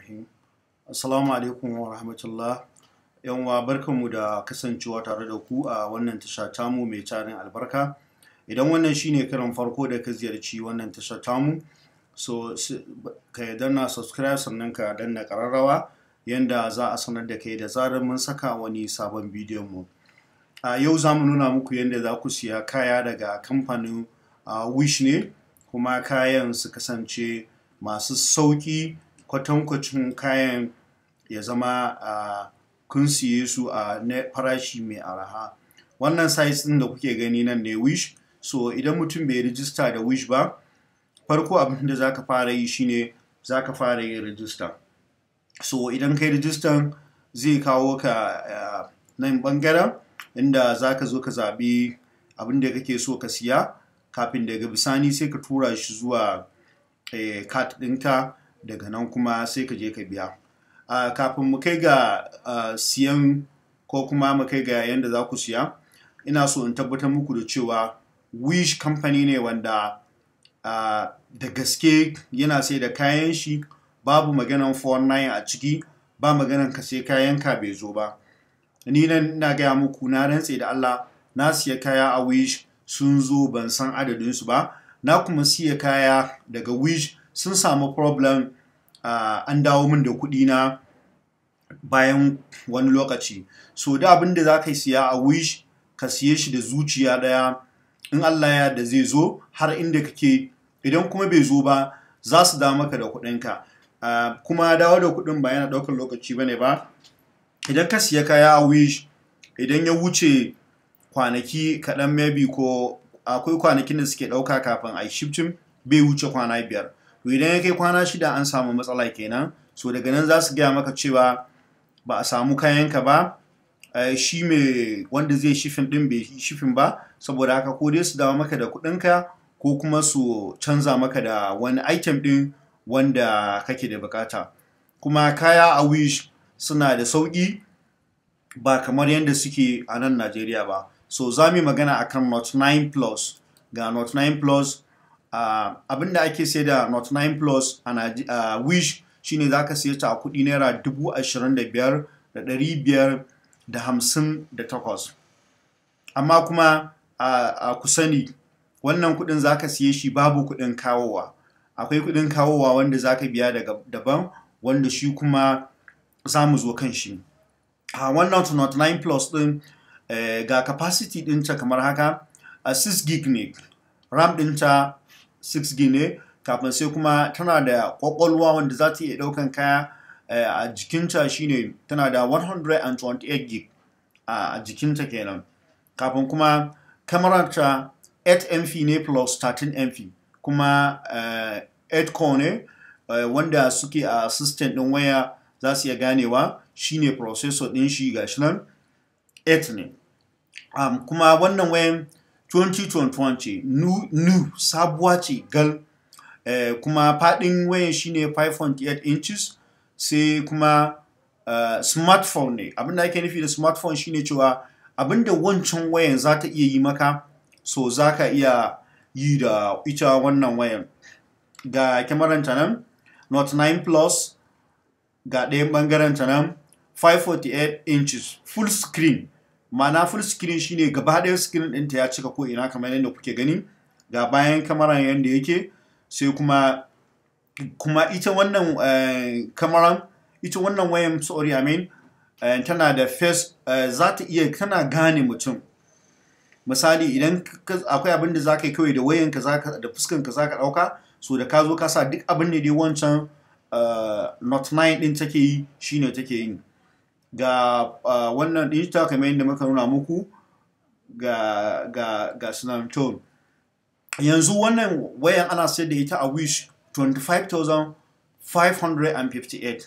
rahim assalamu alaikum wa rahmatullah yanwa barkanmu da kasancewa tare da ku a wannan tasha tamu mai tarin albarka idan wannan shine karin farko da ka ziyarci wannan tasha tamu so ka danna subscribe sannan ka danna kararrawa yanda za a sanar da kai da zarar mun saka wani sabon bidiyon mu a yau za mu nuna muku yadda za ku siya kaya daga kamfanin wish ne kuma kayan su kasance masu sauƙi kwatankwacin kayan ya zama a kun siye su a farashi mai araha wannan sites ɗin da kuke gani nan ne wish so idan mutum bai rijista da wish ba farko abin da zaka fara yi shine zaka fara yin rijista so idan kai rijistan zai kawo ka nan bangaren inda zaka zo ka zaɓi abin da kake so ka siya kafin daga bisani sai ka tura shi zuwa kat eh, ɗinka daga nan kuma sai ka je ka biya uh, kafin mu kai ga uh, siyan ko kuma mu kai ga yadda za ku siya ina so in tabbatar muku da cewa wish company ne wanda uh, da gaske yana sai da kayan shi babu maganan 49 a ciki ba maganan ka sai kayan ka bai zo ba ni nan na gaya muku na rantse da Allah na siya kaya a wish sun zo ban san adadinsu ba na kuma siya kaya daga wish sun samu problem an dawo min da kuɗi na bayan wani lokaci so da abin da za ka siya a wish ka siye shi da zuciya ɗaya in Allah ya da zai zo har inda kake idan kuma bai zo ba za su da maka da kuɗinka kuma dawo da kuɗin ba yana ɗaukar lokaci ba ne ba idan ka siya kaya a wish idan ya wuce kwanaki kaɗan maybe ko akwai kwanakin da suke ɗauka kafin a shifting bai wuce kwana biyar to idan ya kai kwana shida an samu matsala kenan so daga nan za su gaya maka cewa ba a samu kayanka ba eh, shi mai wanda zai shifin din bai shifin ba saboda haka ko dai su dawo maka da kuɗinka ko kuma su canza maka da wani item din wanda kake da bukata kuma kaya a wish suna da sauki ba kamar yadda suke a nan najeriya ba so za mu magana akan not 9 plus ga not 9 plus uh, abin da ake sai da not 9 plus a uh, wish shine za ka siya ta a kuɗi naira dubu ashirin da biyar da hamsin da takwas amma kuma a ku sani wannan kuɗin za ka siye shi babu kuɗin kawowa akwai kuɗin kawowa wanda za ka biya daga daban wanda shi kuma za mu zo kan shi a wannan not 9 plus ɗin eh, ga capacity ɗinta kamar haka a 6 gig ne ram ɗinta 6G ne kafin sai kuma tana da kwakwalwa wanda za ta iya ɗaukan kaya eh, a jikinta shine tana da 128 gig a jikinta kenan kafin kuma kamararta 8 mp ne plus 13 mp kuma 8 eh, core ne eh, wanda suke a assistant ɗin waya za su iya ganewa shine processor ɗin shi gashi nan 8 ne kuma wannan wayan 2021 nu sabuwa ce gal eh, kuma fadin wayan shine 5.8 inches sai kuma eh, smartphone ne abinda ake nufi da smartphone shine cewa abinda wancan wayan za ta iya yi maka so za ka iya yi da ita wannan wayan ga ta nan not 9 plus ga ɗayan ɓangaren ta nan 548 inches full screen ma'ana full screen shine gaba ɗaya screen ɗinta ya cika ko ina kamar yadda kuke gani ga bayan kamaran yadda yake sai kuma kuma ita wannan kamaran eh, ita wannan wayan sorry I mean eh, tana da face eh, za ta iya tana gane mutum misali idan akwai abin da zaka yi kawai da wayanka zaka da fuskanka zaka dauka so da ka zo kasa duk abin da dai wancan not 9 din take yi shine take yin ga wannan digital kamar yadda muka nuna muku ga, ga, ga to yanzu wannan wayan ana sayar da ita a wish 25,558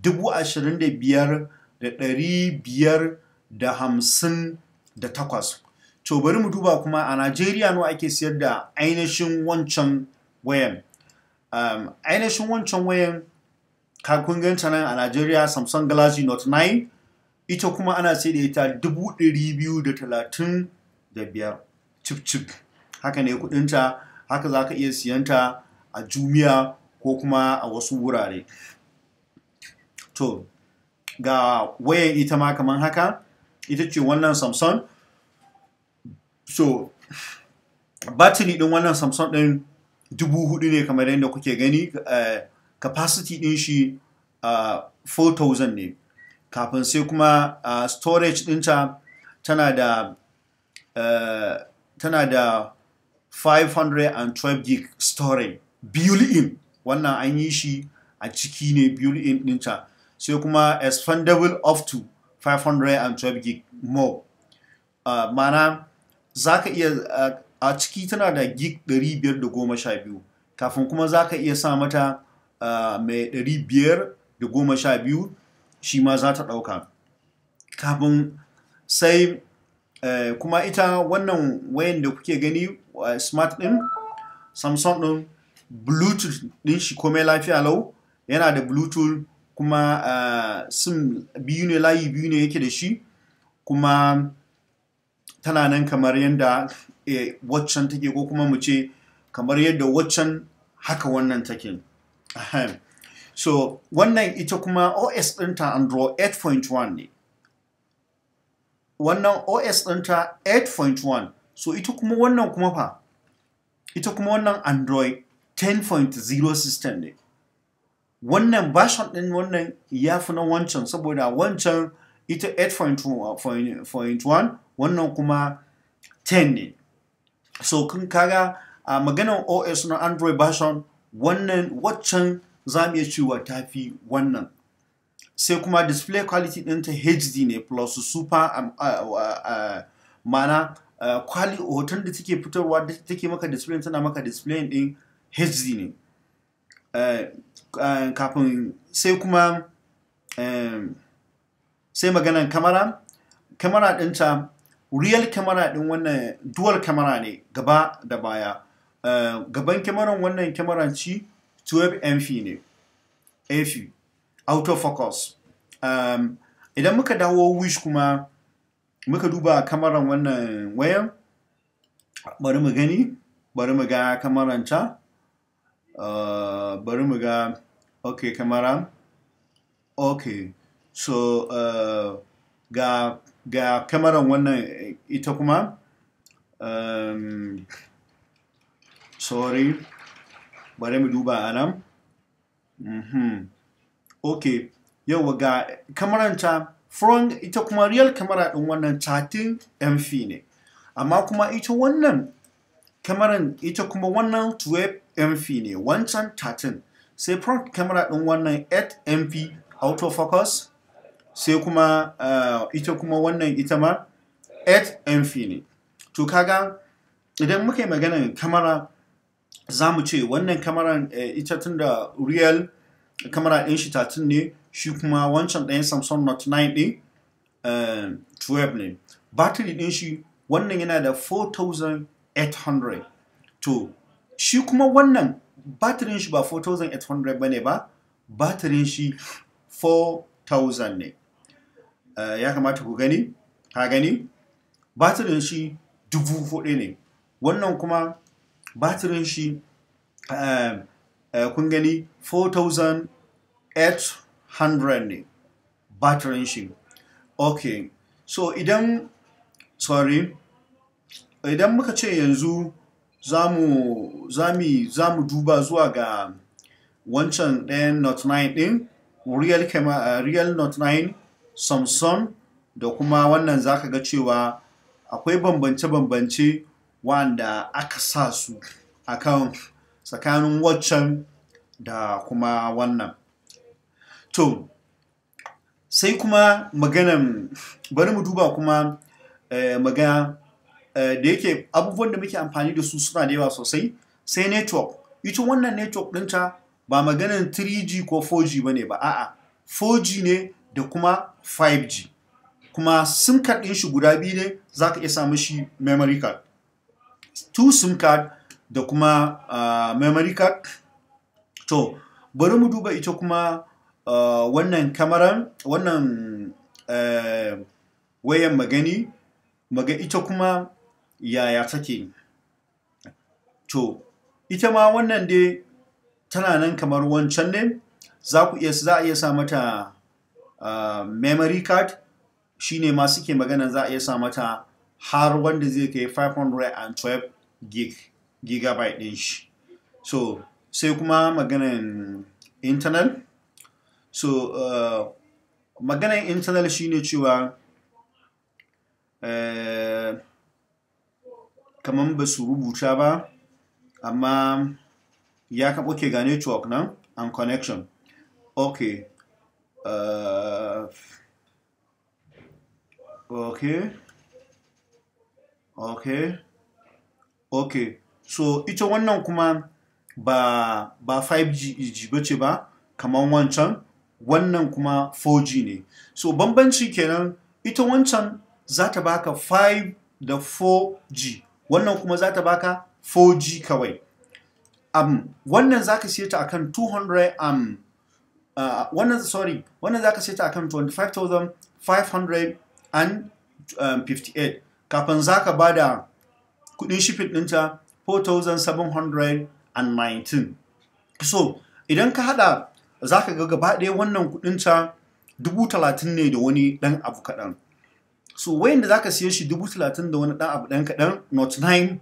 dubu ashirin da biyar da ɗari biyar da hamsin da takwas to bari mu duba kuma a najeriya nawa ake sayar da ainihin wancan wayan um, ainihin wancan wayan ka kun ganta nan a Najeriya Samsung Galaxy Note 9 ita kuma ana sai da ita 235 cip cip haka ne kudinta haka za ka iya siyanta a Jumia ko kuma a wasu wurare to ga wayan ita ma kamar haka ita ce wannan Samsung so batiri din wannan Samsung din dubu hudu ne kamar yadda kuke gani eh, capacity ɗin shi uh, 4000 ne kafin sai kuma a storage dinta tana da uh, tana da 512 gig storage built wannan an yi shi a ciki ne built-in dinta sai kuma expandable up to 512 gig more uh, mana za ka iya uh, a ciki tana da gig 512 kafin kuma za ka iya sa mata mai ɗari biyar da 512 shi ma za ta ɗauka kafin sai e, kuma ita wannan wayan da kuke gani smart ɗin samsung ɗin bluetooth ɗin shi komai lafiya lau yana da bluetooth kuma e, sim biyu ne layi biyu ne yake da shi kuma tana nan kamar yadda e, waccan take ko kuma mu ce kamar yadda waccan haka wannan take. so wannan ita kuma os ɗinta android 8.1 ne wannan os ɗinta 8.1 so ita kuma wannan kuma fa ita kuma wannan android 10.0 system ne wannan version ɗin wannan ya fi na wancan saboda wancan ita 8.1 wannan kuma 10 ne so kun kaga a maganar os na android version wannan waccan za mu iya cewa ta fi wannan sai kuma display quality ɗinta hd ne plus super um, uh, uh, uh mana uh, hoton da take fitarwa da take maka display tana maka display ɗin hd ne eh, eh, kafin sai kuma eh, sai maganan kamara kamara ɗinta real kamara ɗin wannan dual kamara ne gaba da baya Eh, gaban kyamaran wannan kyamaran ci 12 mp ne AF autofocus um, idan muka dawo wish kuma muka duba kamaran wannan wayan bari mu gani bari mu ga kamaran ta uh, bari mu ga ok kamara ok so uh, ga ga kamaran wannan ita kuma um, sorry bari mu duba a nan mhm. ok yau ga kamaranta front ita kuma real camera din wannan 13 mp ne amma kuma ita wannan kamaran ita kuma wannan 12 mp ne wancan 13 sai front camera din wannan 8 mp autofocus sai kuma uh, ita kuma wannan ita ma 8 mp ne to kaga idan muka yi maganar kamera za mu ce wannan kamaran eh, ita tun da real kamara ɗin shi 13 ne shi kuma wancan ɗayan samson not 9 ɗin 12 eh, ne battery ɗin shi wannan yana da 4800 to shi kuma wannan batirin shi ba 4800 ba ne ba batirin shi 4000 ne eh, ya kamata ku gani ka gani batirin shi 4000 ne wannan kuma batirin shi eh, eh, kun gani 4800 ne batirin shi ok so idan sorry idan muka ce yanzu za mu duba zuwa ga wancan ɗayan not 9 ɗin real, uh, real not 9 samson da kuma wannan zaka ga cewa akwai bambance-bambance wanda aka sa su akan tsakanin waccan da kuma wannan to sai kuma maganan bari mu duba kuma eh, magana eh, da yake abubuwan da muke amfani da su suna da yawa sosai sai network ita wannan network ɗinta ba maganan 3G ko 4G ba ne ba a'a 4G ne da kuma 5G kuma sim card ɗin shi guda biyu ne za ka iya samun shi memory card two sim card da kuma uh, memory card to bari mu duba ita kuma uh, wannan kamaran wannan uh, wayan magani maga ita kuma yaya take to ita ma wannan dai tana nan kamar wancan ne za ku iya za a iya sa mata uh, memory card shine ma suke magana za a iya sa mata har wanda zai kai 512 gig gigabyte din shi so sai kuma maganin internal so uh, maganin internal shine cewa uh, eh, kamar ba su rubuta ba amma ya kan okay ga network nan and connection okay uh, okay okay okay so ita wannan kuma ba ba 5G ba ce ba kamar wancan wannan kuma 4G ne so bambanci kenan ita wancan za ta baka 5 da 4G wannan kuma za ta baka 4G kawai um, wannan za ka siya ta akan 200 um, uh, wannan sorry wannan za ka siya ta kan 25,558 kafin za ka ba da kudin shifin ɗinta 4,719 so idan ka haɗa za ka ga gaba ɗaya wannan kudinta 30,000 ne da wani ɗan abu kaɗan so wayan da za ka siye shi 30,000 da wani ɗan abu ɗan kaɗan not 9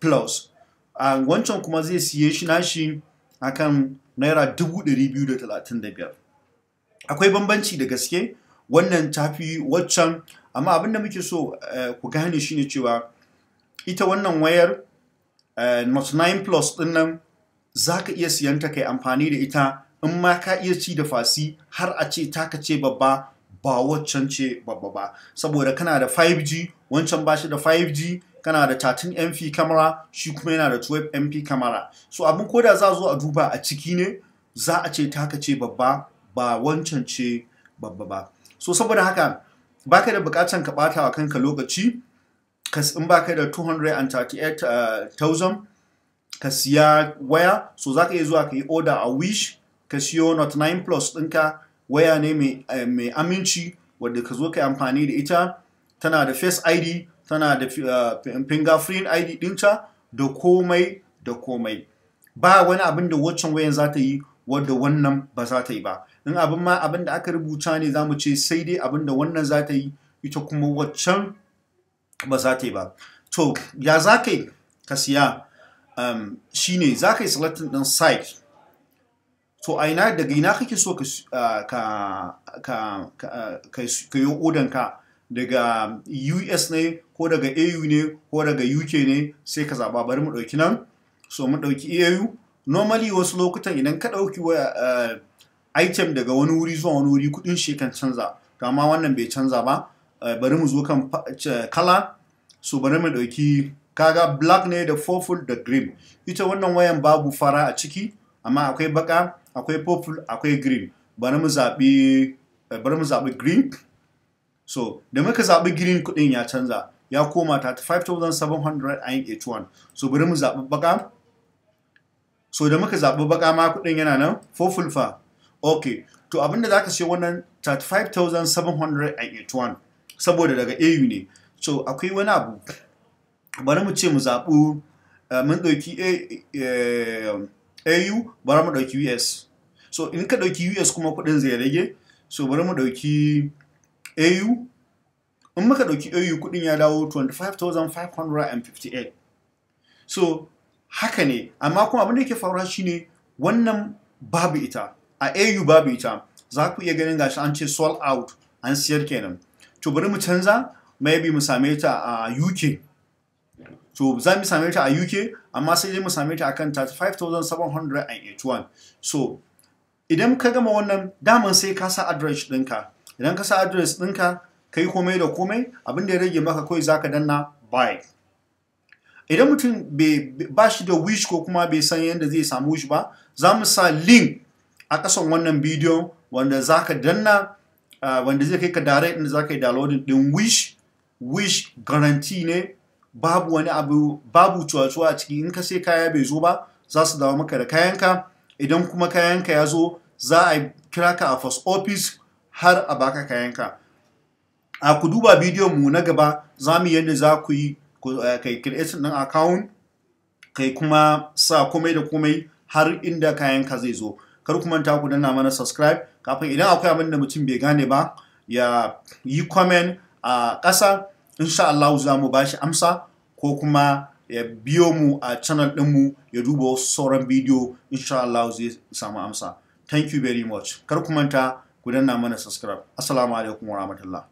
plus a ah, wancan kuma zai siye shi nashi akan naira 235 akwai bambanci da gaske wannan tafi waccan amma abin da muke so eh, ku gane shine cewa ita wannan wayar eh, not 9 plus din nan za ka iya siyan ta kai amfani da ita in ma ka iya ci da fasi har a ce taka ce babba ba waccan ce babba ba saboda kana da 5G wancan ba shi da 5G kana da 13 MP camera shi kuma yana da 12 MP camera so abin koda za zo a duba a ciki ne za a ce taka ce babba ba wancan ce babba ba so saboda haka baka da bukatan ka bata wa kanka lokaci in in baka da 238,000 uh, ka siya waya so za ka iya zuwa ka yi order a wish ka siyo not 9 plus ɗinka waya ne eh, mai aminci wadda ka zo ka yi amfani da ita tana da face id tana da uh, fingerprint id ɗinta da komai da komai ba wani abin da waccan wayan za ta yi wadda wannan ba za ta yi ba in abin ma abin da aka rubuta ne za mu ce sai dai abin da wannan za ta yi ita kuma waccan ba za ta yi ba to ya za ka yi ka siya um, ne za ka yi salatin ɗin site to a ina daga ina kake so ka uh, yi odanka daga us ne ko daga au ne ko daga uk ne sai ka zaba bari mu ɗauki nan so mu ɗauki au normally wasu lokutan idan ka ɗauki eh, item daga wani wuri zuwa wani wuri kudin shi kan canza to amma wannan bai canza ba eh, bari mu zo kan kala so bari mu ɗauki kaga black ne da purple da green ita wannan wayan babu fara a ciki amma akwai baka akwai purple akwai green bari mu zaɓi eh, bari mu zaɓi green so da muka zaɓi green kuɗin ya canza ya koma 5781 so bari mu zaɓi baka so da muka zaɓi baka ma kuɗin yana nan fofulfa ok to abinda za ka ce wannan 35,781 saboda daga au ne so akwai wani abu bari mu ce mu zaɓi eh, mun ɗauki au eh, bari mu ɗauki us so in ka ɗauki us kuma kuɗin zai rage so bari mu ɗauki au in muka ɗauki au kuɗin ya dawo 25,558 so haka ne amma kuma abin da yake faruwa shine wannan babu ita a AU babu ita za ku iya ganin gashi an ce sold out an siyar kenan to bari mu canza maybe mu same ta a UK to za mu same ta a UK amma sai dai mu same ta akan 35781 so idan ka gama wannan daman sai ka sa address ɗinka idan ka sa address ɗinka kai komai da komai abin da ya rage maka kawai zaka danna buy idan mutum ba shi da wish ko kuma bai san yadda zai samu wish ba za mu sa link a kasan wannan bidiyon wanda za ka danna wanda zai kai ka direct inda za ka yi downloading din wish wish garanti ne babu wani abu babu cuwa-cuwa a ciki in ka sai kaya bai zo ba za su dawo maka da kayanka idan kuma kayanka ya zo za a kira ka a first office har a baka kayanka a ku duba bidiyon mu na gaba za mu yadda za ku yi Eh, kai create ɗin account kai kuma sa komai da komai har inda kayan ka zai zo kar ku ta ku danna mana subscribe kafin idan akwai abin da mutum bai gane ba ya yi comment a ƙasa insha Allah za mu bashi amsa ko kuma ya biyo mu a channel mu ya duba wasu sauran bidiyo insha Allah zai samu amsa thank you very much kar ku ta ku danna mana subscribe assalamu alaikum warahmatullahi